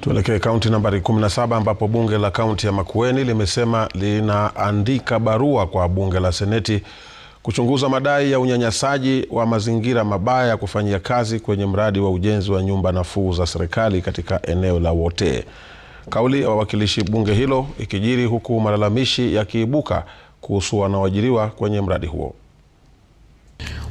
Tuelekee kaunti nambari 17 ambapo bunge la kaunti ya Makueni limesema linaandika barua kwa bunge la seneti kuchunguza madai ya unyanyasaji wa mazingira mabaya ya kufanyia kazi kwenye mradi wa ujenzi wa nyumba nafuu za serikali katika eneo la Wote. Kauli ya wawakilishi bunge hilo ikijiri huku malalamishi yakiibuka kuhusu wanaoajiriwa kwenye mradi huo.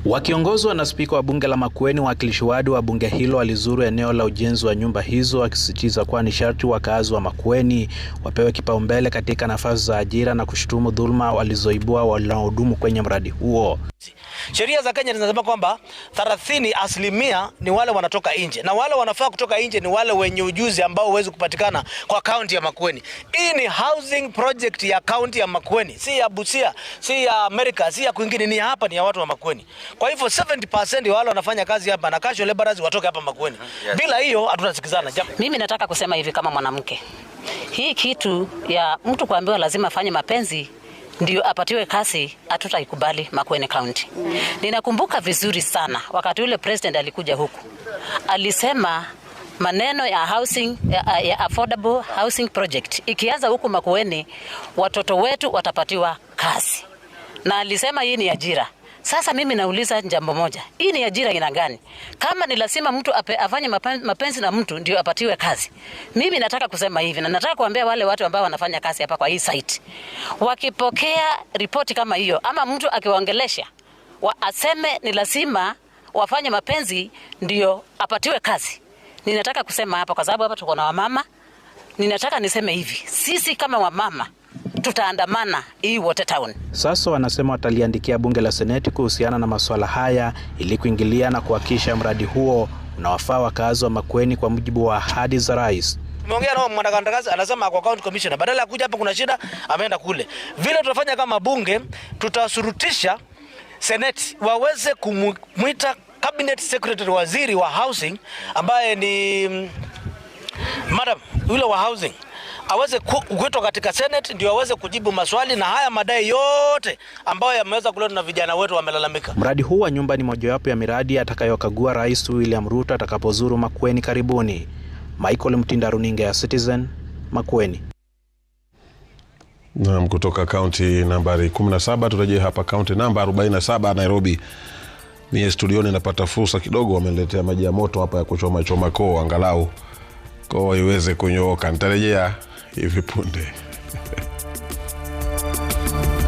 Wakiongozwa na spika wa bunge la Makueni, wawakilishi wadi wa bunge hilo walizuru eneo la ujenzi wa nyumba hizo, wakisisitiza kuwa ni sharti wakaazi wa Makueni wapewe kipaumbele katika nafasi za ajira na kushutumu dhuluma walizoibua wanaohudumu kwenye mradi huo. Sheria za Kenya zinasema kwamba thelathini asilimia ni wale wanatoka nje, na wale wanafaa kutoka nje ni wale wenye ujuzi ambao huwezi kupatikana kwa kaunti ya Makueni. Hii ni housing project ya kaunti ya Makueni, si ya Busia, si ya Amerika, si ya kwingine, ni hapa, ni ya watu wa Makueni. Kwa hivyo 70% wale wanafanya kazi hapa na casual laborers watoke hapa Makueni. Yes. Bila hiyo hatutasikizana. Yes. Mimi nataka kusema hivi kama mwanamke, hii kitu ya mtu kuambiwa lazima afanye mapenzi ndio apatiwe kazi, hatutaikubali Makueni County. Mm. Ninakumbuka vizuri sana wakati ule president alikuja huku alisema maneno ya housing, ya, ya affordable housing project ikianza huku Makueni watoto wetu watapatiwa kazi, na alisema hii ni ajira. Sasa mimi nauliza jambo moja, hii ni ajira ina gani? Kama ni lazima mtu ape, afanye mapenzi na mtu ndio apatiwe kazi, mimi nataka kusema hivi na nataka kuambia wale watu ambao wanafanya kazi hapa kwa hii site, wakipokea ripoti kama hiyo ama mtu akiwaongelesha wa aseme ni lazima wafanye mapenzi ndio apatiwe kazi, ninataka kusema hapa, kwa sababu hapa tuko na wamama, ninataka niseme hivi, sisi kama wamama tutaandamana hii Town. Sasa wanasema wataliandikia bunge la seneti kuhusiana na masuala haya ili kuingilia na kuhakikisha mradi huo unawafaa wakazi wa Makueni kwa mujibu wa ahadi za rais. Tumeongea nao mwanakandarasi anasema ako county commissioner, badala ya kuja hapa kuna shida, ameenda kule. Vile tutafanya kama bunge, tutasurutisha seneti waweze kumwita cabinet secretary, waziri wa housing ambaye ni mm, madam yule wa housing aweze kuitwa katika Senate ndio aweze kujibu maswali na haya madai yote ambayo yameweza kuletwa na vijana wetu wamelalamika. Mradi huu wa nyumba ni mojawapo ya miradi atakayokagua Rais William Ruto atakapozuru Makueni karibuni. Michael Mtinda, runinga ya Citizen, Makueni. Naam, kutoka kaunti nambari 17 turejee hapa kaunti namba 47 Nairobi. Niye studioni napata fursa kidogo, wameletea maji ya moto hapa ya kuchoma choma koo angalau kwao iweze kunyooka. Nitarejea hivi punde.